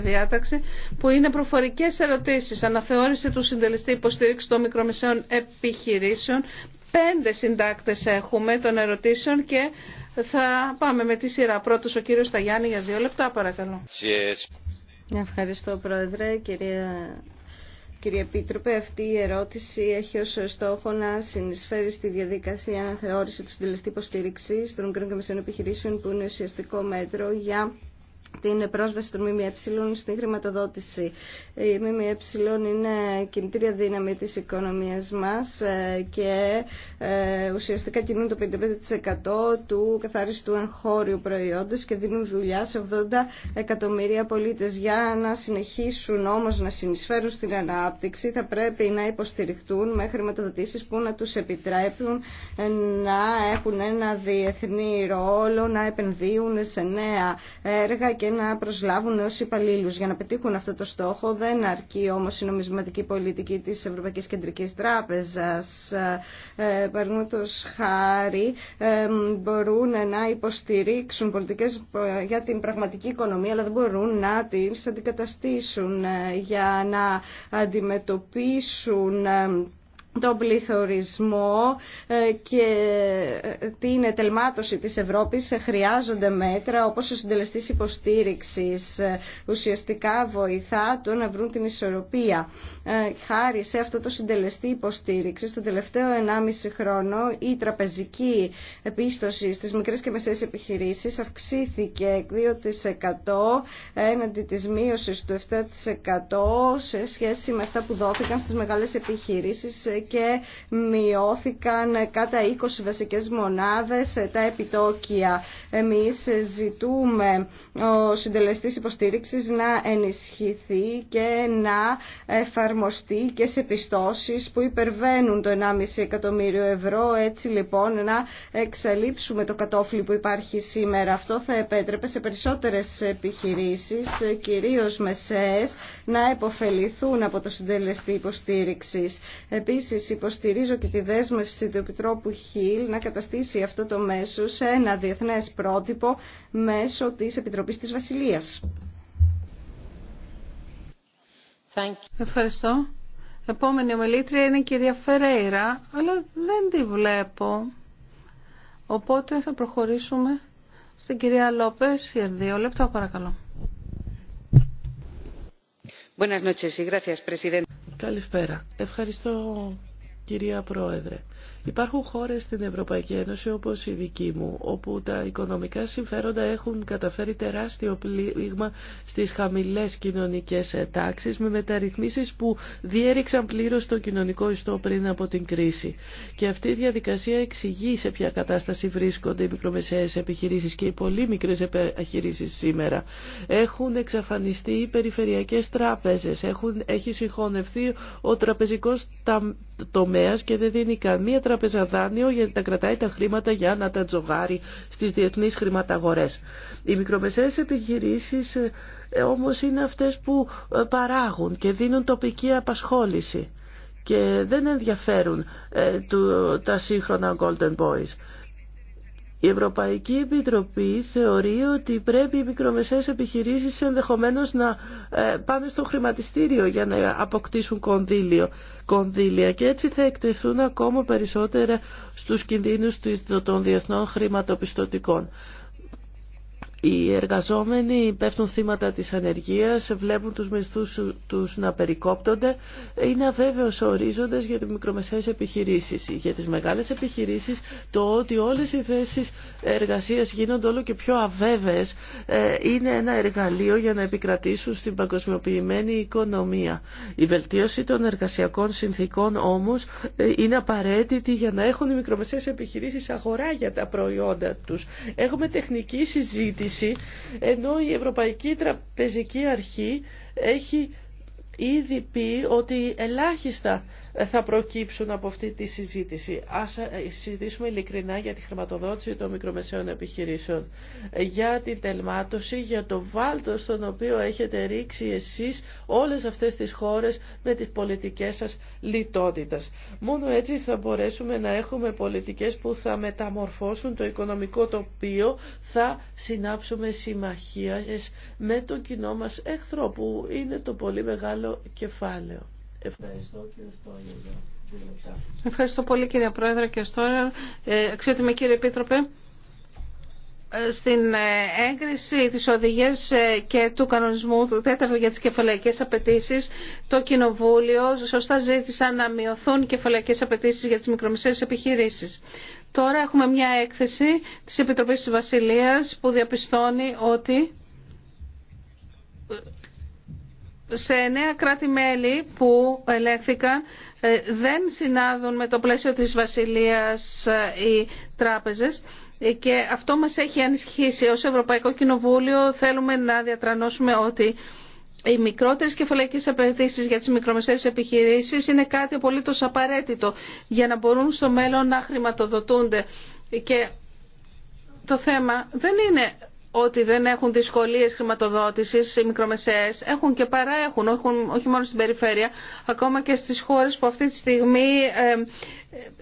διάταξη που είναι προφορικές ερωτήσεις. Αναθεώρηση του συντελεστή υποστήριξη των μικρομεσαίων επιχειρήσεων. Πέντε συντάκτες έχουμε των ερωτήσεων και θα πάμε με τη σειρά. Πρώτος ο κύριος Σταγιάννη για δύο λεπτά παρακαλώ. Yes. Ευχαριστώ Πρόεδρε, κυρία Κύριε Επίτροπε, αυτή η ερώτηση έχει ως στόχο να συνεισφέρει στη διαδικασία αναθεώρηση του συντελεστή υποστήριξη των μικρών επιχειρήσεων που είναι ουσιαστικό μέτρο για την πρόσβαση των ΜΜΕ στην χρηματοδότηση. Η ΜΜΕ είναι κινητήρια δύναμη της οικονομίας μας ε, και ε, ουσιαστικά κινούν το 55% του καθάριστου εγχώριου προϊόντος και δίνουν δουλειά σε 80 εκατομμύρια πολίτες. Για να συνεχίσουν όμως να συνεισφέρουν στην ανάπτυξη θα πρέπει να υποστηριχτούν με χρηματοδοτήσεις που να τους επιτρέπουν ε, να έχουν ένα διεθνή ρόλο, να επενδύουν σε νέα έργα και να προσλάβουν ω υπαλλήλου. Για να πετύχουν αυτό το στόχο δεν αρκεί όμω η νομισματική πολιτική τη Ευρωπαϊκή Κεντρική Τράπεζα. Ε, Παραδείγματο χάρη, ε, μπορούν να υποστηρίξουν πολιτικέ ε, για την πραγματική οικονομία, αλλά δεν μπορούν να τι αντικαταστήσουν ε, για να αντιμετωπίσουν ε, τον πληθωρισμό ε, και ε, την ετελμάτωση της Ευρώπης ε, χρειάζονται μέτρα όπως ο συντελεστής υποστήριξης ουσιαστικά βοηθά το να βρουν την ισορροπία. Χάρη σε αυτό το συντελεστή υποστήριξη το τελευταίο 1,5 χρόνο η τραπεζική επίστοση στις μικρές και μεσαίες επιχειρήσεις αυξήθηκε 2% έναντι της μείωσης του 7% σε σχέση με αυτά που δόθηκαν στις μεγάλες επιχειρήσεις και μειώθηκαν κατά 20 βασικές μονάδες τα επιτόκια. Εμείς ζητούμε ο συντελεστής υποστήριξης να ενισχυθεί και να εφαρμοστεί και σε πιστώσεις που υπερβαίνουν το 1,5 εκατομμύριο ευρώ. Έτσι λοιπόν να εξαλείψουμε το κατόφλι που υπάρχει σήμερα. Αυτό θα επέτρεπε σε περισσότερες επιχειρήσεις, κυρίως μεσαίες, να επωφεληθούν από το συντελεστή υποστήριξης. Επίσης, Επίσης υποστηρίζω και τη δέσμευση του Επιτρόπου Χιλ να καταστήσει αυτό το μέσο σε ένα διεθνές πρότυπο μέσω της Επιτροπής της Βασιλείας. Ευχαριστώ. Επόμενη ομιλήτρια είναι η κυρία Φερέιρα, αλλά δεν τη βλέπω. Οπότε θα προχωρήσουμε στην κυρία Λόπες για δύο λεπτά παρακαλώ. Καλησπέρα. Ευχαριστώ Κυρία Πρόεδρε, υπάρχουν χώρες στην Ευρωπαϊκή Ένωση όπως η δική μου, όπου τα οικονομικά συμφέροντα έχουν καταφέρει τεράστιο πλήγμα στις χαμηλές κοινωνικές ε, τάξεις με μεταρρυθμίσεις που διέριξαν πλήρως το κοινωνικό ιστό πριν από την κρίση. Και αυτή η διαδικασία εξηγεί σε ποια κατάσταση βρίσκονται οι μικρομεσαίες επιχειρήσεις και οι πολύ μικρές επιχειρήσεις σήμερα. Έχουν εξαφανιστεί οι περιφερειακές τράπεζες, έχει συγχωνευτεί ο τραπεζικός τομέα και δεν δίνει καμία τραπεζα γιατί τα κρατάει τα χρήματα για να τα τζογάρει στις διεθνείς χρηματαγορές. Οι μικρομεσαίες επιχειρήσεις ε, όμως είναι αυτές που ε, παράγουν και δίνουν τοπική απασχόληση και δεν ενδιαφέρουν ε, τα σύγχρονα Golden Boys. Η Ευρωπαϊκή Επιτροπή θεωρεί ότι πρέπει οι μικρομεσαίες επιχειρήσεις ενδεχομένως να ε, πάνε στο χρηματιστήριο για να αποκτήσουν κονδύλιο, κονδύλια και έτσι θα εκτεθούν ακόμα περισσότερα στους κινδύνους των διεθνών χρηματοπιστωτικών. Οι εργαζόμενοι πέφτουν θύματα της ανεργίας, βλέπουν τους μισθούς τους να περικόπτονται. Είναι αβέβαιος ο ορίζοντας για τις μικρομεσαίες επιχειρήσεις. Για τις μεγάλες επιχειρήσεις το ότι όλες οι θέσεις εργασίας γίνονται όλο και πιο αβέβαιες ε, είναι ένα εργαλείο για να επικρατήσουν στην παγκοσμιοποιημένη οικονομία. Η βελτίωση των εργασιακών συνθήκων όμως ε, είναι απαραίτητη για να έχουν οι μικρομεσαίες επιχειρήσεις αγορά για τα προϊόντα τους. Έχουμε τεχνική συζήτηση ενώ η Ευρωπαϊκή Τραπεζική Αρχή έχει ήδη πει ότι ελάχιστα θα προκύψουν από αυτή τη συζήτηση. Ας ε, συζητήσουμε ειλικρινά για τη χρηματοδότηση των μικρομεσαίων επιχειρήσεων, για την τελμάτωση, για το βάλτο στον οποίο έχετε ρίξει εσείς όλες αυτές τις χώρες με τις πολιτικές σας λιτότητας. Μόνο έτσι θα μπορέσουμε να έχουμε πολιτικές που θα μεταμορφώσουν το οικονομικό τοπίο, θα συνάψουμε συμμαχίες με τον κοινό μας εχθρό που είναι το πολύ μεγάλο κεφάλαιο. Ευχαριστώ κύριε πολύ κύριε Πρόεδρε και Στόγιο. Ε, αξιότιμη κύριε Επίτροπε ε, στην ε, έγκριση της οδηγίας ε, και του κανονισμού του τέταρτου για τις κεφαλαϊκές απαιτήσει, το Κοινοβούλιο σωστά ζήτησαν να μειωθούν οι κεφαλαϊκές απαιτήσει για τις μικρομεσαίες επιχειρήσεις. Τώρα έχουμε μια έκθεση της Επιτροπής της Βασιλείας που διαπιστώνει ότι σε νέα κράτη-μέλη που ελέγχθηκαν ε, δεν συνάδουν με το πλαίσιο της Βασιλείας ε, οι τράπεζες ε, και αυτό μας έχει ανησυχήσει. Ως Ευρωπαϊκό Κοινοβούλιο θέλουμε να διατρανώσουμε ότι οι μικρότερες κεφαλαϊκές απαιτήσει για τις μικρομεσαίες επιχειρήσεις είναι κάτι απολύτως απαραίτητο για να μπορούν στο μέλλον να χρηματοδοτούνται. Και το θέμα δεν είναι ότι δεν έχουν δυσκολίες χρηματοδότησης οι μικρομεσαίες. Έχουν και παρά έχουν, όχι μόνο στην περιφέρεια, ακόμα και στις χώρες που αυτή τη στιγμή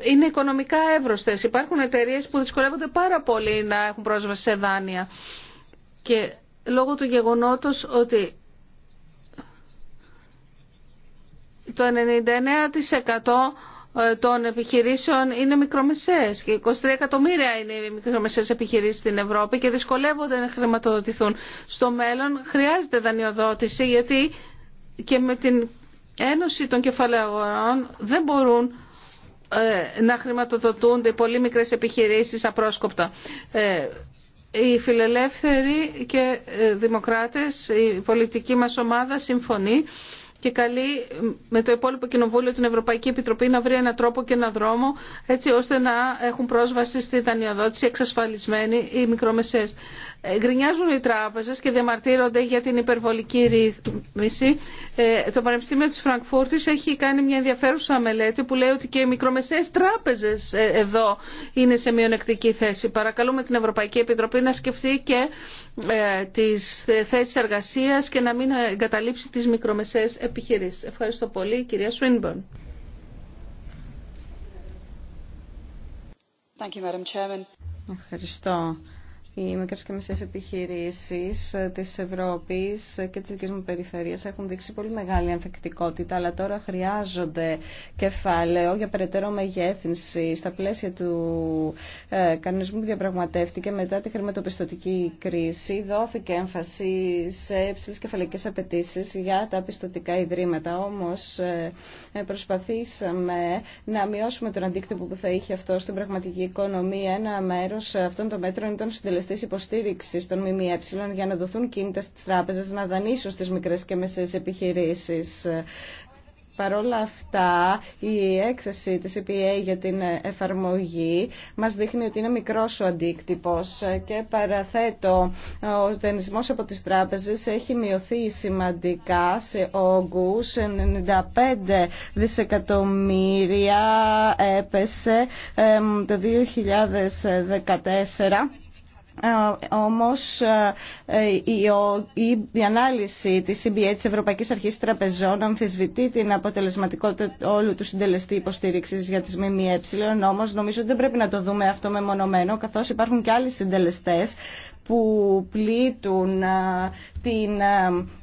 είναι οικονομικά εύρωστε. Υπάρχουν εταιρείες που δυσκολεύονται πάρα πολύ να έχουν πρόσβαση σε δάνεια. Και λόγω του γεγονότος ότι το 99% ε, των επιχειρήσεων είναι μικρομεσαίες και 23 εκατομμύρια είναι οι μικρομεσαίες επιχειρήσεις στην Ευρώπη και δυσκολεύονται να χρηματοδοτηθούν. Στο μέλλον χρειάζεται δανειοδότηση γιατί και με την Ένωση των Κεφαλαίων δεν μπορούν ε, να χρηματοδοτούνται πολύ μικρές επιχειρήσεις απρόσκοπτα. Ε, οι φιλελεύθεροι και δημοκράτες, η πολιτική μας ομάδα συμφωνεί και καλεί με το υπόλοιπο κοινοβούλιο την Ευρωπαϊκή Επιτροπή να βρει έναν τρόπο και έναν δρόμο έτσι ώστε να έχουν πρόσβαση στη δανειοδότηση εξασφαλισμένη οι μικρομεσαίες. Γκρινιάζουν οι τράπεζες και διαμαρτύρονται για την υπερβολική ρύθμιση. Ε, το Πανεπιστήμιο της Φραγκφούρτης έχει κάνει μια ενδιαφέρουσα μελέτη που λέει ότι και οι μικρομεσαίες τράπεζες ε, εδώ είναι σε μειονεκτική θέση. Παρακαλούμε την Ευρωπαϊκή Επιτροπή να σκεφτεί και ε, τις θέσεις εργασίας και να μην εγκαταλείψει τις μικρομεσαίες επιχειρήσεις. Ευχαριστώ πολύ, κυρία Σουίνμπορν. Thank you, Madam Chairman. Ευχαριστώ. Οι μικρές και μεσαίες επιχειρήσεις της Ευρώπης και της δικής μου περιφέρειας έχουν δείξει πολύ μεγάλη ανθεκτικότητα, αλλά τώρα χρειάζονται κεφάλαιο για περαιτέρω μεγέθυνση στα πλαίσια του ε, κανονισμού που διαπραγματεύτηκε μετά τη χρηματοπιστωτική κρίση. Δόθηκε έμφαση σε υψηλές κεφαλικέ απαιτήσει για τα πιστωτικά ιδρύματα, όμως ε, προσπαθήσαμε να μειώσουμε τον αντίκτυπο που θα είχε αυτό στην πραγματική οικονομία. Ένα μέρο αυτών των μέτρων ήταν τη υποστήριξη των ΜΜΕ για να δοθούν κίνητα στι τράπεζε να δανείσουν στι μικρέ και μεσαίε επιχειρήσει. Παρ' όλα αυτά, η έκθεση της EPA για την εφαρμογή μας δείχνει ότι είναι μικρός ο αντίκτυπος και παραθέτω ο δανεισμός από τις τράπεζες έχει μειωθεί σημαντικά σε όγκους 95 δισεκατομμύρια έπεσε το 2014 ε, όμως ε, η, ανάλυση της CBA της Ευρωπαϊκής Αρχής Τραπεζών αμφισβητεί την αποτελεσματικότητα όλου του συντελεστή υποστήριξης για τις ΜΜΕ όμως νομίζω ότι δεν πρέπει να το δούμε αυτό μεμονωμένο καθώς υπάρχουν και άλλοι συντελεστές που πλήττουν την,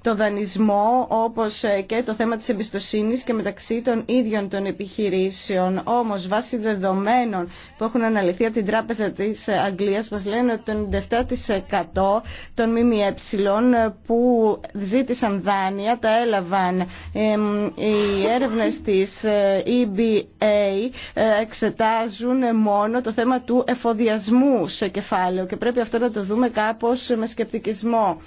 το δανεισμό όπως ε, και το θέμα της εμπιστοσύνης και μεταξύ των ίδιων των επιχειρήσεων. Όμως βάσει δεδομένων που έχουν αναλυθεί από την Τράπεζα της Αγγλίας μας λένε ότι το 97% των ΜΜΕ ε, που ζήτησαν δάνεια τα έλαβαν οι έρευνες της ε, EBA εξετάζουν μόνο το θέμα του εφοδιασμού σε κεφάλαιο και πρέπει αυτό να το δούμε κάπως με σκεπτικισμό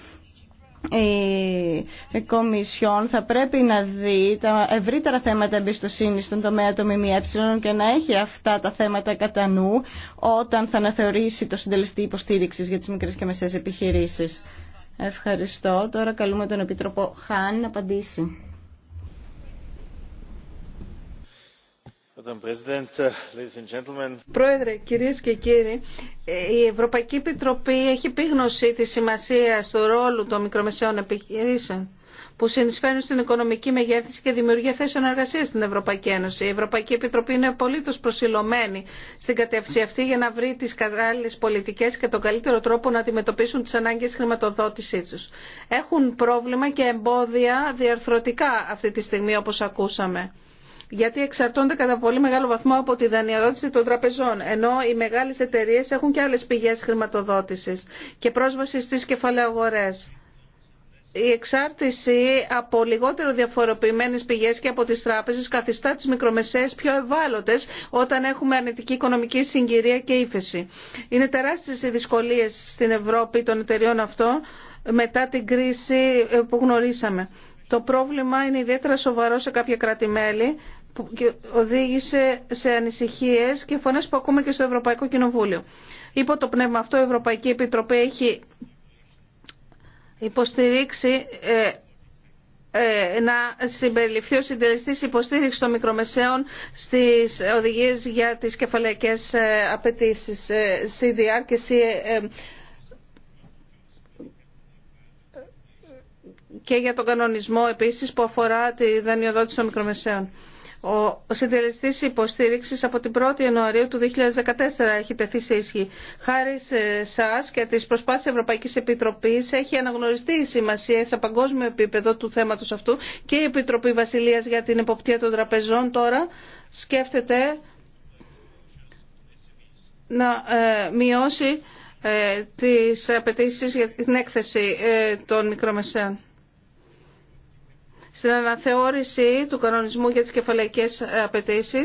η Κομισιόν θα πρέπει να δει τα ευρύτερα θέματα εμπιστοσύνη στον τομέα των ΜΜΕ και να έχει αυτά τα θέματα κατά νου όταν θα αναθεωρήσει το συντελεστή υποστήριξη για τις μικρές και μεσαίες επιχειρήσεις. Ευχαριστώ. Τώρα καλούμε τον Επίτροπο Χάν να απαντήσει. Uh, Πρόεδρε, κυρίες και κύριοι, ε, η Ευρωπαϊκή Επιτροπή έχει πείγνωση τη σημασία του ρόλου των μικρομεσαίων επιχειρήσεων που συνεισφέρουν στην οικονομική μεγέθυνση και δημιουργία θέσεων εργασία στην Ευρωπαϊκή Ένωση. Η Ευρωπαϊκή Επιτροπή είναι απολύτω προσιλωμένη στην κατεύθυνση αυτή για να βρει τι κατάλληλε πολιτικέ και τον καλύτερο τρόπο να αντιμετωπίσουν τι ανάγκε χρηματοδότησή του. Έχουν πρόβλημα και εμπόδια διαρθρωτικά αυτή τη στιγμή, όπω ακούσαμε γιατί εξαρτώνται κατά πολύ μεγάλο βαθμό από τη δανειοδότηση των τραπεζών, ενώ οι μεγάλες εταιρείες έχουν και άλλες πηγές χρηματοδότησης και πρόσβαση στις κεφαλαίες η εξάρτηση από λιγότερο διαφοροποιημένε πηγέ και από τι τράπεζε καθιστά τι μικρομεσαίες πιο ευάλωτες όταν έχουμε αρνητική οικονομική συγκυρία και ύφεση. Είναι τεράστιε οι δυσκολίε στην Ευρώπη των εταιριών αυτό μετά την κρίση που γνωρίσαμε. Το πρόβλημα είναι ιδιαίτερα σοβαρό σε κάποια κράτη-μέλη που οδήγησε σε ανησυχίες και φωνές που ακούμε και στο Ευρωπαϊκό Κοινοβούλιο. Υπό το πνεύμα αυτό η Ευρωπαϊκή Επιτροπή έχει υποστηρίξει ε, ε, να συμπεριληφθεί ο συντελεστή υποστήριξη των μικρομεσαίων στι οδηγίε για τι κεφαλαϊκέ ε, απαιτήσει CDR και και για τον κανονισμό επίσης που αφορά τη δανειοδότηση των μικρομεσαίων. Ο συντελεστής υποστήριξης από την 1η Ιανουαρίου του 2014 έχει τεθεί σε ισχύ. Χάρη σε εσά και τις προσπάθειες Ευρωπαϊκής Επιτροπής έχει αναγνωριστεί η σημασία σε παγκόσμιο επίπεδο του θέματος αυτού και η Επιτροπή Βασιλείας για την Εποπτεία των Τραπεζών τώρα σκέφτεται να ε, μειώσει ε, τις απαιτήσεις για την έκθεση ε, των μικρομεσαίων στην αναθεώρηση του κανονισμού για τις κεφαλαϊκές απαιτήσει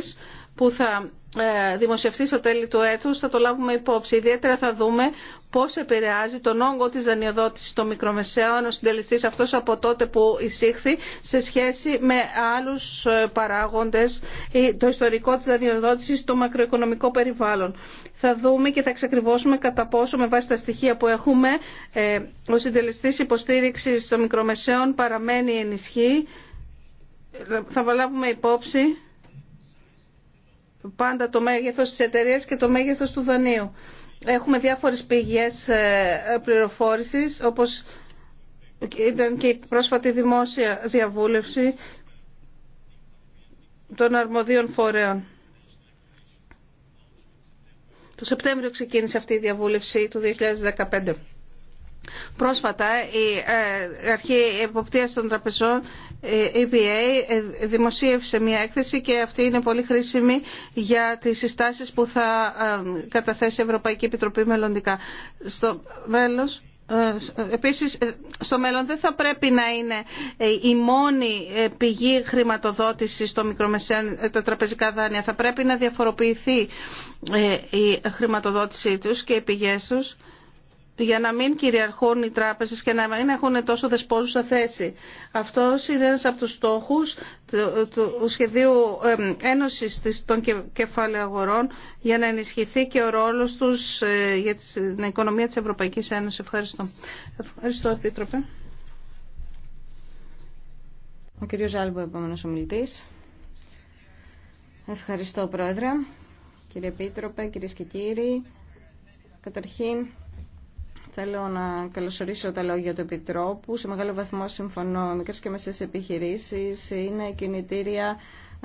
που θα ε, δημοσιευτεί στο τέλη του έτου, θα το λάβουμε υπόψη. Ιδιαίτερα θα δούμε πώς επηρεάζει τον όγκο της δανειοδότησης των μικρομεσαίων ο συντελεστής αυτός από τότε που εισήχθη σε σχέση με άλλους ε, παράγοντες ε, το ιστορικό της δανειοδότησης στο μακροοικονομικό περιβάλλον. Θα δούμε και θα εξακριβώσουμε κατά πόσο με βάση τα στοιχεία που έχουμε ο συντελεστής υποστήριξης των μικρομεσαίων παραμένει ενισχύει. Θα βαλάβουμε υπόψη πάντα το μέγεθος της εταιρείας και το μέγεθος του δανείου. Έχουμε διάφορες πηγές ε, πληροφόρησης, όπως ήταν και η πρόσφατη δημόσια διαβούλευση των αρμοδίων φορέων. Το Σεπτέμβριο ξεκίνησε αυτή η διαβούλευση του 2015. Πρόσφατα η ε, Αρχή Εποπτείας των Τραπεζών, ε, η EBA, ε, δημοσίευσε μια έκθεση και αυτή είναι πολύ χρήσιμη για τις συστάσεις που θα καταθέσει η Ευρωπαϊκή Επιτροπή μελλοντικά. Στο μέλος... Επίσης, στο μέλλον δεν θα πρέπει να είναι η μόνη πηγή χρηματοδότησης των μικρομεσαίων τα τραπεζικά δάνεια. Θα πρέπει να διαφοροποιηθεί η χρηματοδότησή τους και οι πηγές τους για να μην κυριαρχούν οι τράπεζες και να μην έχουν τόσο δεσπόζουσα θέση. Αυτό είναι ένας από τους στόχους του σχεδίου Ένωσης των Κεφάλαιων Αγορών για να ενισχυθεί και ο ρόλος τους ε, για την οικονομία της Ευρωπαϊκής Ένωσης. Ευχαριστώ. Ευχαριστώ, Επίτροπε. Ο κύριος Άλμπου, επόμενος ομιλητής. Ευχαριστώ, Πρόεδρε. Κύριε Επίτροπε, κυρίες και κύριοι. Καταρχήν, Θέλω να καλωσορίσω τα λόγια του Επιτρόπου. Σε μεγάλο βαθμό συμφωνώ. Μικρές και μεσές επιχειρήσεις είναι κινητήρια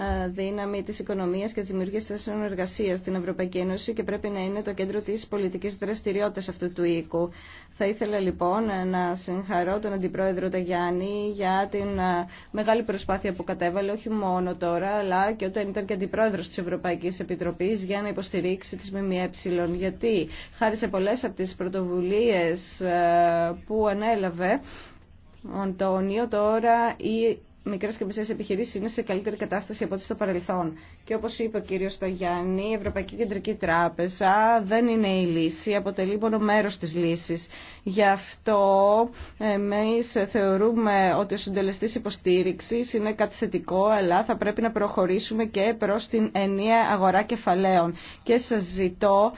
ε, δύναμη τη οικονομία και της δημιουργία θέσεων εργασία στην Ευρωπαϊκή Ένωση και πρέπει να είναι το κέντρο της πολιτικής δραστηριότητας αυτού του οίκου. Θα ήθελα λοιπόν να συγχαρώ τον Αντιπρόεδρο Ταγιάννη για την ε, μεγάλη προσπάθεια που κατέβαλε όχι μόνο τώρα αλλά και όταν ήταν και Αντιπρόεδρος της Ευρωπαϊκής Επιτροπής για να υποστηρίξει τις ΜΜΕ γιατί χάρη σε πολλές από τις πρωτοβουλίες ε, που ανέλαβε ο Αντώνιο τώρα μικρές και μεσαίες επιχειρήσεις είναι σε καλύτερη κατάσταση από ό,τι στο παρελθόν. Και όπως είπε ο κύριος Σταγιάννη, η Ευρωπαϊκή Κεντρική Τράπεζα δεν είναι η λύση, αποτελεί μόνο μέρος της λύσης. Γι' αυτό εμείς θεωρούμε ότι ο συντελεστής υποστήριξης είναι κάτι θετικό, αλλά θα πρέπει να προχωρήσουμε και προς την ενιαία αγορά κεφαλαίων. Και σας ζητώ,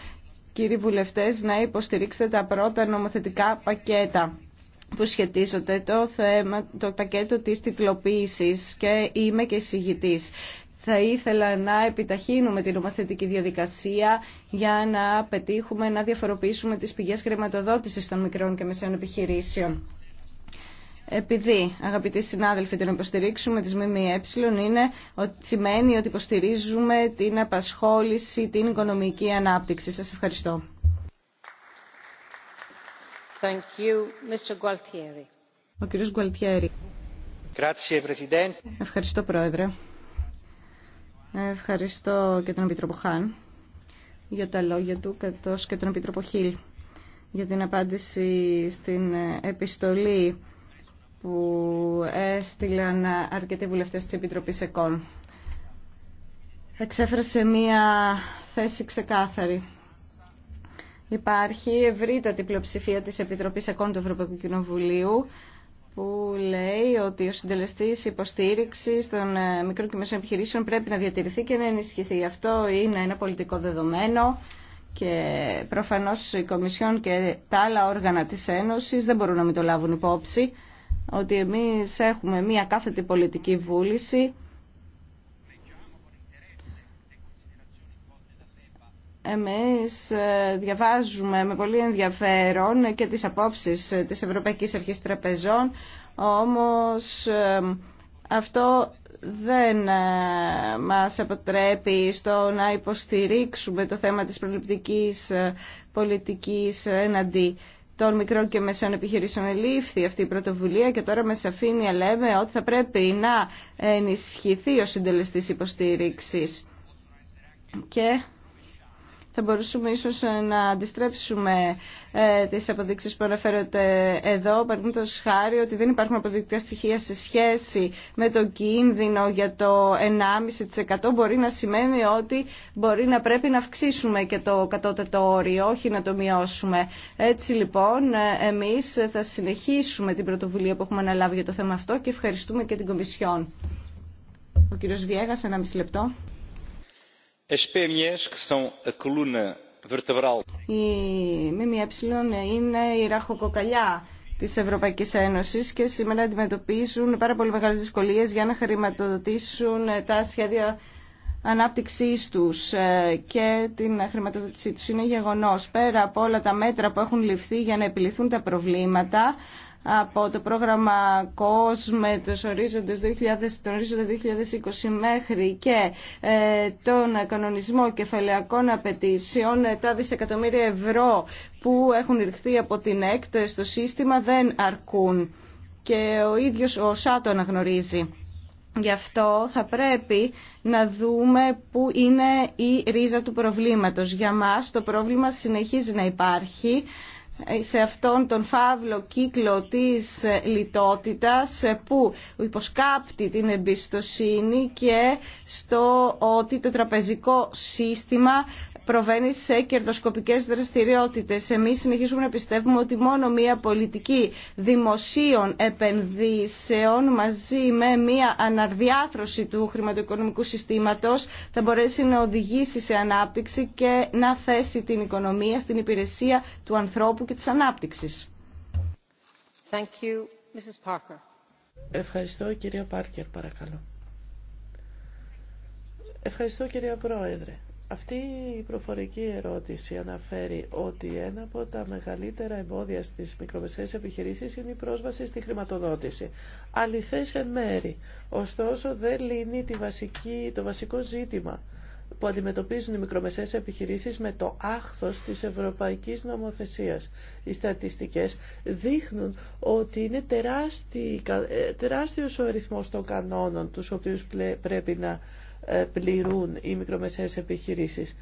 κύριοι βουλευτές, να υποστηρίξετε τα πρώτα νομοθετικά πακέτα που σχετίζονται το θέμα, το πακέτο της τυπλοποίησης και είμαι και εισηγητής. Θα ήθελα να επιταχύνουμε την νομοθετική διαδικασία για να πετύχουμε να διαφοροποιήσουμε τις πηγές χρηματοδότησης των μικρών και μεσαίων επιχειρήσεων. Επειδή, αγαπητοί συνάδελφοι, την υποστηρίξουμε τις ΜΜΕ είναι ότι σημαίνει ότι υποστηρίζουμε την απασχόληση, την οικονομική ανάπτυξη. Σας ευχαριστώ. Ευχαριστώ, Πρόεδρε. Ευχαριστώ και τον Επίτροπο Χάν για τα λόγια του, καθώς και τον Επίτροπο Χίλ για την απάντηση στην επιστολή που έστειλαν αρκετοί βουλευτέ τη Επιτροπή ΕΚΟΝ. Εξέφρασε μία θέση ξεκάθαρη Υπάρχει ευρύτατη πλειοψηφία της Επιτροπής Εκών του Ευρωπαϊκού Κοινοβουλίου που λέει ότι ο συντελεστή υποστήριξη των ε, μικρών και μεσών επιχειρήσεων πρέπει να διατηρηθεί και να ενισχυθεί. Αυτό είναι ένα πολιτικό δεδομένο και προφανώς η Κομισιόν και τα άλλα όργανα της Ένωσης δεν μπορούν να μην το λάβουν υπόψη ότι εμείς έχουμε μία κάθετη πολιτική βούληση Εμείς ε, διαβάζουμε με πολύ ενδιαφέρον και τις απόψεις της Ευρωπαϊκής Αρχής Τραπεζών, όμως ε, αυτό δεν ε, μας αποτρέπει στο να υποστηρίξουμε το θέμα της προληπτικής πολιτικής εναντί των μικρών και μεσαίων επιχειρήσεων ελήφθη αυτή η πρωτοβουλία και τώρα με σαφήνεια λέμε ότι θα πρέπει να ενισχυθεί ο συντελεστής υποστήριξης. Και θα μπορούσαμε ίσως ε, να αντιστρέψουμε ε, τις αποδείξεις που αναφέρονται εδώ, το χάρη ότι δεν υπάρχουν αποδεικτικά στοιχεία σε σχέση με το κίνδυνο για το 1,5% μπορεί να σημαίνει ότι μπορεί να πρέπει να αυξήσουμε και το κατώτατο όριο, όχι να το μειώσουμε. Έτσι λοιπόν ε, εμείς θα συνεχίσουμε την πρωτοβουλία που έχουμε αναλάβει για το θέμα αυτό και ευχαριστούμε και την Κομισιόν. Ο κύριος Βιέγας, ένα μισή λεπτό. Οι ΜΜΕ είναι η ραχοκοκαλιά τη Ευρωπαϊκή Ένωση και σήμερα αντιμετωπίζουν πάρα πολύ μεγάλε δυσκολίε για να χρηματοδοτήσουν τα σχέδια ανάπτυξή τους ε, και την χρηματοδότησή του είναι γεγονός. Πέρα από όλα τα μέτρα που έχουν ληφθεί για να επιληθούν τα προβλήματα, από το πρόγραμμα COSME, τους ορίζοντες 2000, τον ορίζοντα 2020 μέχρι και ε, τον κανονισμό κεφαλαιακών απαιτήσεων, ε, τα δισεκατομμύρια ευρώ που έχουν ρηχθεί από την ΕΚΤ στο σύστημα δεν αρκούν. Και ο ίδιος ο ΣΑΤΟ αναγνωρίζει. Γι' αυτό θα πρέπει να δούμε πού είναι η ρίζα του προβλήματος. Για μας το πρόβλημα συνεχίζει να υπάρχει σε αυτόν τον φαύλο κύκλο της λιτότητας που υποσκάπτει την εμπιστοσύνη και στο ότι το τραπεζικό σύστημα προβαίνει σε κερδοσκοπικές δραστηριότητες. Εμείς συνεχίζουμε να πιστεύουμε ότι μόνο μια πολιτική δημοσίων επενδύσεων μαζί με μια αναρδιάθρωση του χρηματοοικονομικού συστήματος θα μπορέσει να οδηγήσει σε ανάπτυξη και να θέσει την οικονομία στην υπηρεσία του ανθρώπου και της ανάπτυξης. Thank you, Mrs. Parker. Ευχαριστώ κυρία Πάρκερ παρακαλώ. Ευχαριστώ κυρία Πρόεδρε. Αυτή η προφορική ερώτηση αναφέρει ότι ένα από τα μεγαλύτερα εμπόδια στις μικρομεσαίες επιχειρήσεις είναι η πρόσβαση στη χρηματοδότηση. Αληθές εν μέρη. Ωστόσο δεν λύνει το βασικό ζήτημα που αντιμετωπίζουν οι μικρομεσαίες επιχειρήσεις με το άχθος της ευρωπαϊκής νομοθεσίας. Οι στατιστικές δείχνουν ότι είναι ε, τεράστιος ο αριθμός των κανόνων τους οποίους πρέπει να ε, πληρούν οι μικρομεσαίες επιχειρήσεις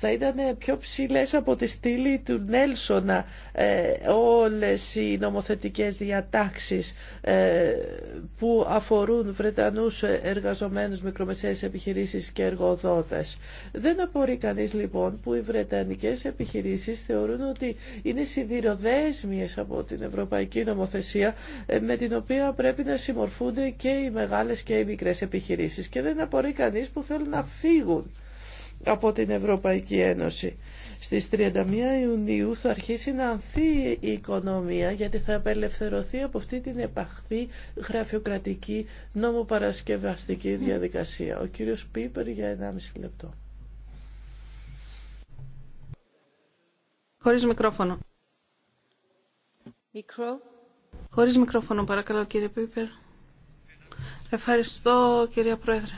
θα ήταν πιο ψηλές από τη στήλη του Νέλσονα ε, όλες οι νομοθετικές διατάξεις ε, που αφορούν Βρετανούς εργαζομένους μικρομεσαίες επιχειρήσεις και εργοδότες. Δεν απορεί κανείς λοιπόν που οι Βρετανικές επιχειρήσεις θεωρούν ότι είναι σιδηροδέσμιες από την Ευρωπαϊκή Νομοθεσία ε, με την οποία πρέπει να συμμορφούνται και οι μεγάλες και οι μικρές επιχειρήσεις και δεν απορεί κανείς που θέλουν να φύγουν από την Ευρωπαϊκή Ένωση. Στις 31 Ιουνίου θα αρχίσει να ανθεί η οικονομία γιατί θα απελευθερωθεί από αυτή την επαχθή γραφειοκρατική νομοπαρασκευαστική διαδικασία. Ο κύριος Πίπερ για 1,5 λεπτό. Χωρίς μικρόφωνο. Μικρό. Χωρίς μικρόφωνο παρακαλώ κύριε Πίπερ. Ευχαριστώ κυρία Πρόεδρε.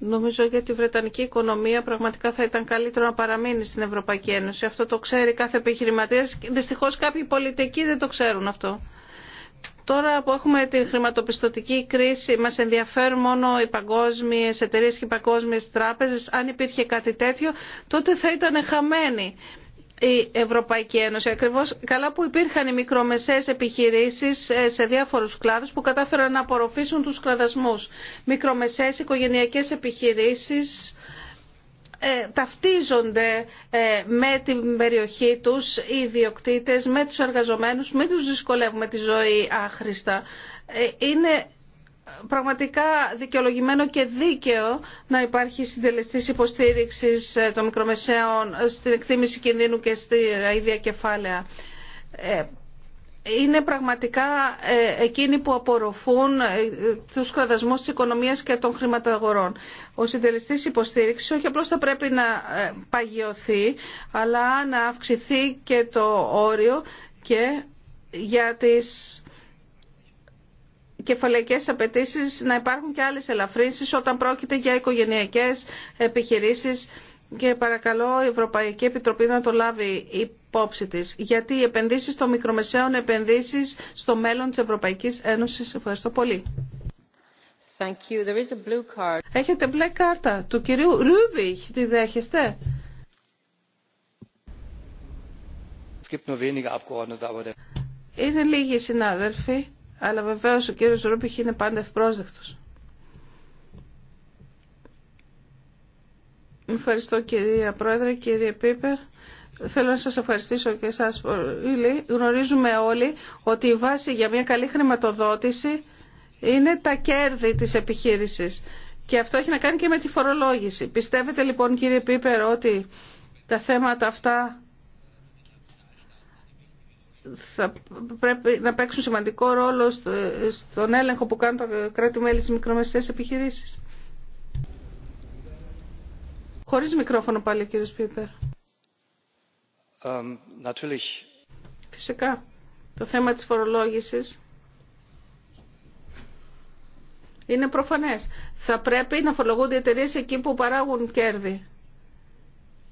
Νομίζω για τη Βρετανική οικονομία πραγματικά θα ήταν καλύτερο να παραμείνει στην Ευρωπαϊκή Ένωση. Αυτό το ξέρει κάθε επιχειρηματία. Δυστυχώ κάποιοι πολιτικοί δεν το ξέρουν αυτό. Τώρα που έχουμε τη χρηματοπιστωτική κρίση, μας ενδιαφέρουν μόνο οι παγκόσμιες εταιρείες και οι παγκόσμιες τράπεζες. Αν υπήρχε κάτι τέτοιο, τότε θα ήταν χαμένοι η Ευρωπαϊκή Ένωση. Ακριβώς καλά που υπήρχαν οι μικρομεσαίες επιχειρήσεις ε, σε διάφορους κλάδους που κατάφεραν να απορροφήσουν τους κραδασμούς. Μικρομεσαίες οικογενειακές επιχειρήσεις ε, ταυτίζονται ε, με την περιοχή τους οι ιδιοκτήτες, με τους εργαζομένους. Μην τους δυσκολεύουμε τη ζωή άχρηστα. Είναι πραγματικά δικαιολογημένο και δίκαιο να υπάρχει συντελεστής υποστήριξης ε, των μικρομεσαίων ε, στην εκτίμηση κινδύνου και στη ε, ίδια κεφάλαια. Είναι πραγματικά εκείνοι που απορροφούν τους κραδασμούς της οικονομίας και των χρηματαγορών. Ο συντελεστής υποστήριξης όχι απλώς θα πρέπει να παγιωθεί, αλλά να αυξηθεί και το όριο και για τις κεφαλαϊκές απαιτήσει να υπάρχουν και άλλες ελαφρύνσεις όταν πρόκειται για οικογενειακές επιχειρήσεις και παρακαλώ η Ευρωπαϊκή Επιτροπή να το λάβει υπόψη της. Γιατί οι επενδύσεις των μικρομεσαίων επενδύσεις στο μέλλον της Ευρωπαϊκής Ένωσης. Ευχαριστώ πολύ. Thank you. Έχετε μπλε κάρτα του κυρίου Ρούμπιχ. Τη δέχεστε. Είναι λίγοι συνάδελφοι. Αλλά βεβαίως ο κύριος Ρούπιχ είναι πάντα ευπρόσδεκτος. Ευχαριστώ κυρία Πρόεδρε, κύριε Πίπερ. Θέλω να σας ευχαριστήσω και εσάς πολύ. Γνωρίζουμε όλοι ότι η βάση για μια καλή χρηματοδότηση είναι τα κέρδη της επιχείρησης. Και αυτό έχει να κάνει και με τη φορολόγηση. Πιστεύετε λοιπόν κύριε Πίπερ ότι τα θέματα αυτά θα πρέπει να παίξουν σημαντικό ρόλο στον έλεγχο που κάνουν τα κράτη-μέλη στις μικρομεσαίες επιχειρήσεις. Χωρίς μικρόφωνο πάλι κύριε κύριος Πίπερ. Φυσικά. Το θέμα της φορολόγησης είναι προφανές. Θα πρέπει να φορολογούνται οι εταιρείες εκεί που παράγουν κέρδη.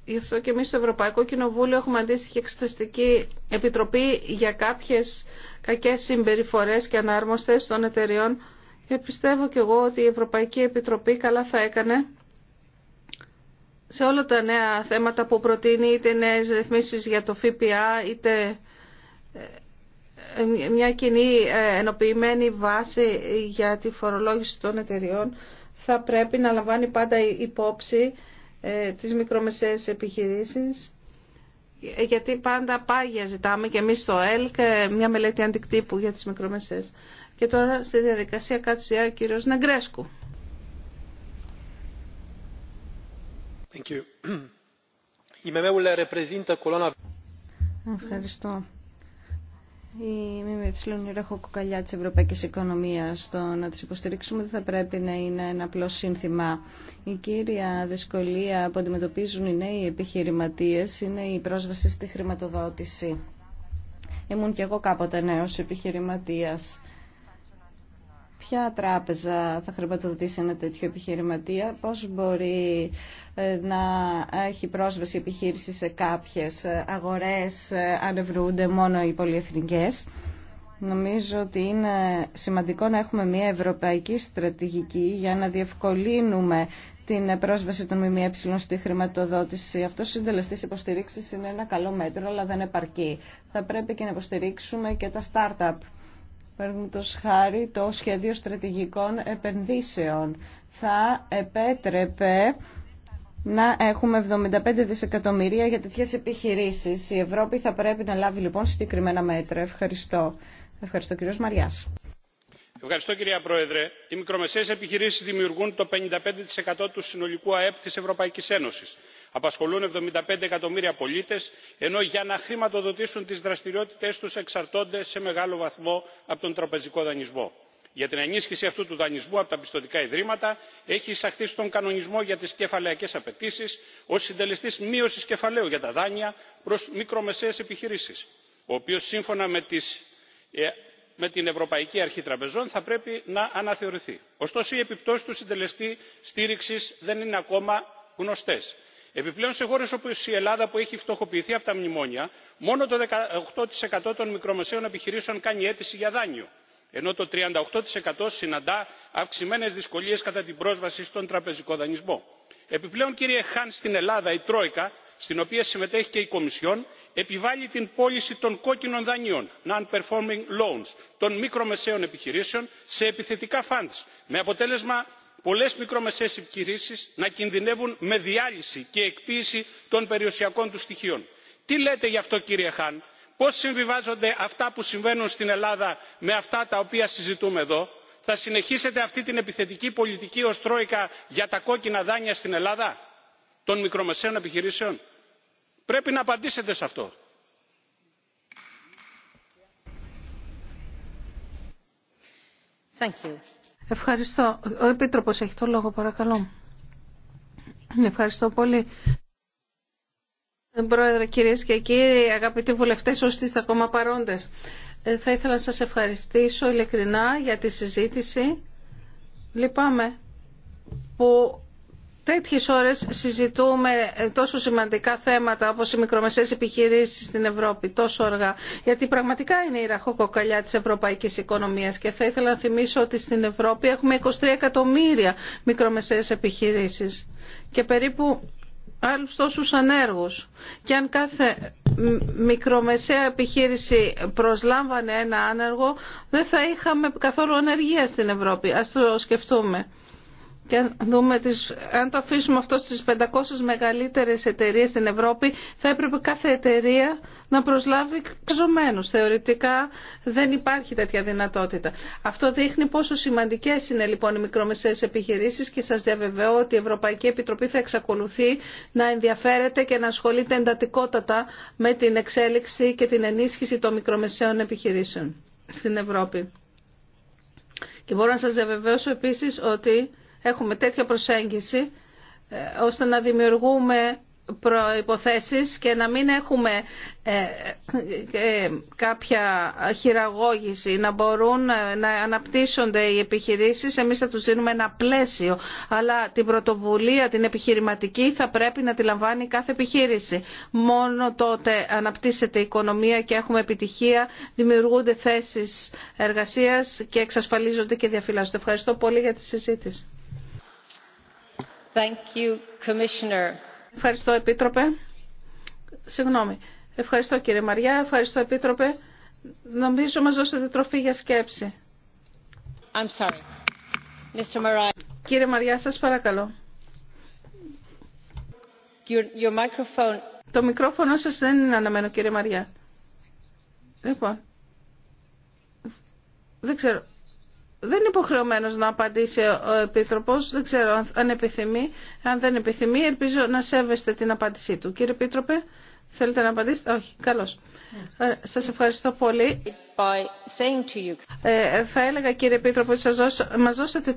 Γι' αυτό και εμείς στο Ευρωπαϊκό Κοινοβούλιο έχουμε αντίστοιχη εξεταστική επιτροπή για κάποιες κακές συμπεριφορές και ανάρμοστες των εταιριών και πιστεύω και εγώ ότι η Ευρωπαϊκή Επιτροπή καλά θα έκανε σε όλα τα νέα θέματα που προτείνει, είτε νέε ρυθμίσεις για το ΦΠΑ, είτε ε, μια κοινή ε, ενοποιημένη βάση για τη φορολόγηση των εταιριών, θα πρέπει να λαμβάνει πάντα υπόψη ε, τις μικρομεσαίες επιχειρήσεις γιατί πάντα πάγια ζητάμε και εμείς στο ΕΛΚ ε, μια μελέτη αντικτύπου για τις μικρομεσαίες. Και τώρα στη διαδικασία κάτσε ο κύριος Νεγκρέσκου. Ευχαριστώ η ΜΜΕ είναι η ραχοκοκαλιά της ευρωπαϊκής Το να τι υποστηρίξουμε δεν θα πρέπει να είναι ένα απλό σύνθημα. Η κύρια δυσκολία που αντιμετωπίζουν οι νέοι επιχειρηματίε, είναι η πρόσβαση στη χρηματοδότηση. Ήμουν κι εγώ κάποτε νέο επιχειρηματία. Ποια τράπεζα θα χρηματοδοτήσει ένα τέτοιο επιχειρηματία, πώς μπορεί ε, να έχει πρόσβαση επιχείρηση σε κάποιες αγορές ε, αν μόνο οι πολυεθνικές. Νομίζω ότι είναι σημαντικό να έχουμε μια ευρωπαϊκή στρατηγική για να διευκολύνουμε την πρόσβαση των ΜΜΕ στη χρηματοδότηση. Αυτό ο συντελεστή υποστηρίξη είναι ένα καλό μέτρο, αλλά δεν επαρκεί. Θα πρέπει και να υποστηρίξουμε και τα startup παραδείγματο χάρη το σχέδιο στρατηγικών επενδύσεων. Θα επέτρεπε να έχουμε 75 δισεκατομμυρία για τέτοιες επιχειρήσεις. Η Ευρώπη θα πρέπει να λάβει λοιπόν συγκεκριμένα μέτρα. Ευχαριστώ. Ευχαριστώ κύριος Μαριάς. Ευχαριστώ κυρία Πρόεδρε. Οι μικρομεσαίες επιχειρήσεις δημιουργούν το 55% του συνολικού ΑΕΠ της Ευρωπαϊκής Ένωσης απασχολούν εβδομήντα εκατομμύρια πολίτες ενώ για να χρηματοδοτήσουν τις δραστηριότητές τους εξαρτώνται σε μεγάλο βαθμό από τον τραπεζικό δανεισμό. για την ενίσχυση αυτού του δανεισμού από τα πιστωτικά ιδρύματα έχει εισαχθεί στον κανονισμό για τις κεφαλαιακές απαιτήσεις ως συντελεστής μείωσης κεφαλαίου για τα δάνεια προς μικρομεσαίες επιχειρήσεις ο οποίος σύμφωνα με ε, με την Ευρωπαϊκή Αρχή Τραπεζών θα πρέπει να αναθεωρηθεί. Ωστόσο, οι επιπτώσει του συντελεστή στήριξη δεν είναι ακόμα γνωστέ επιπλέον σε χώρες όπως η ελλάδα που έχει φτωχοποιηθεί από τα μνημόνια μόνο το 18% των μικρομεσαίων επιχειρήσεων κάνει αίτηση για δάνειο ενώ το 38% συναντά αυξημένες δυσκολίες κατά την πρόσβαση στον τραπεζικό δανεισμό. επιπλέον κύριε Χάν στην ελλάδα η τρόικα στην οποία συμμετέχει και η κομισιόν επιβάλλει την πώληση των κόκκινων δανείων non performing loans των μικρομεσαίων επιχειρήσεων σε επιθετικά funds με αποτέλεσμα πολλές μικρομεσαίες επιχειρήσεις να κινδυνεύουν με διάλυση και εκποίηση των περιουσιακών τους στοιχείων. Τι λέτε γι' αυτό κύριε Χάν, πώς συμβιβάζονται αυτά που συμβαίνουν στην Ελλάδα με αυτά τα οποία συζητούμε εδώ. Θα συνεχίσετε αυτή την επιθετική πολιτική ως Τρόικα για τα κόκκινα δάνεια στην Ελλάδα των μικρομεσαίων επιχειρήσεων. Πρέπει να απαντήσετε σε αυτό. Ευχαριστώ. Ο Επίτροπος έχει το λόγο, παρακαλώ. Ευχαριστώ πολύ. Πρόεδρε, κυρίες και κύριοι, αγαπητοί βουλευτές, όσοι είστε ακόμα παρόντες. Ε, θα ήθελα να σας ευχαριστήσω ειλικρινά για τη συζήτηση. Λυπάμαι που τέτοιες ώρες συζητούμε τόσο σημαντικά θέματα όπως οι μικρομεσαίες επιχειρήσεις στην Ευρώπη τόσο αργά. Γιατί πραγματικά είναι η ραχοκοκαλιά της ευρωπαϊκής οικονομίας και θα ήθελα να θυμίσω ότι στην Ευρώπη έχουμε 23 εκατομμύρια μικρομεσαίες επιχειρήσεις και περίπου άλλους τόσους ανέργους. Και αν κάθε μικρομεσαία επιχείρηση προσλάμβανε ένα άνεργο δεν θα είχαμε καθόλου ανεργία στην Ευρώπη. Ας το σκεφτούμε. Και αν, δούμε το αφήσουμε αυτό στις 500 μεγαλύτερες εταιρείες στην Ευρώπη, θα έπρεπε κάθε εταιρεία να προσλάβει καζομένους. Θεωρητικά δεν υπάρχει τέτοια δυνατότητα. Αυτό δείχνει πόσο σημαντικές είναι λοιπόν οι μικρομεσαίες επιχειρήσεις και σας διαβεβαιώ ότι η Ευρωπαϊκή Επιτροπή θα εξακολουθεί να ενδιαφέρεται και να ασχολείται εντατικότατα με την εξέλιξη και την ενίσχυση των μικρομεσαίων επιχειρήσεων στην Ευρώπη. Και μπορώ να σας διαβεβαιώσω επίσης ότι έχουμε τέτοια προσέγγιση ε, ώστε να δημιουργούμε προϋποθέσεις και να μην έχουμε ε, ε, κάποια χειραγώγηση, να μπορούν να αναπτύσσονται οι επιχειρήσεις. Εμείς θα τους δίνουμε ένα πλαίσιο, αλλά την πρωτοβουλία, την επιχειρηματική θα πρέπει να τη λαμβάνει κάθε επιχείρηση. Μόνο τότε αναπτύσσεται η οικονομία και έχουμε επιτυχία, δημιουργούνται θέσεις εργασίας και εξασφαλίζονται και διαφυλάσσονται. Ευχαριστώ πολύ για τη συζήτηση. Ευχαριστώ, Επίτροπε. Συγγνώμη. Ευχαριστώ, κύριε Μαριά. Ευχαριστώ, Επίτροπε. Νομίζω μας δώσατε τροφή για σκέψη. Κύριε Μαριά, σας παρακαλώ. Το μικρόφωνο σας δεν είναι αναμένο, κύριε Μαριά. Λοιπόν, δεν ξέρω δεν είναι υποχρεωμένος να απαντήσει ο Επίτροπος, δεν ξέρω αν επιθυμεί. Αν δεν επιθυμεί, ελπίζω να σέβεστε την απάντησή του. Κύριε Επίτροπε, θέλετε να απαντήσετε. Όχι, καλώς. Σα ε, Σας ευχαριστώ πολύ. Ε, θα έλεγα κύριε Επίτροπο, ότι σας δώσατε μας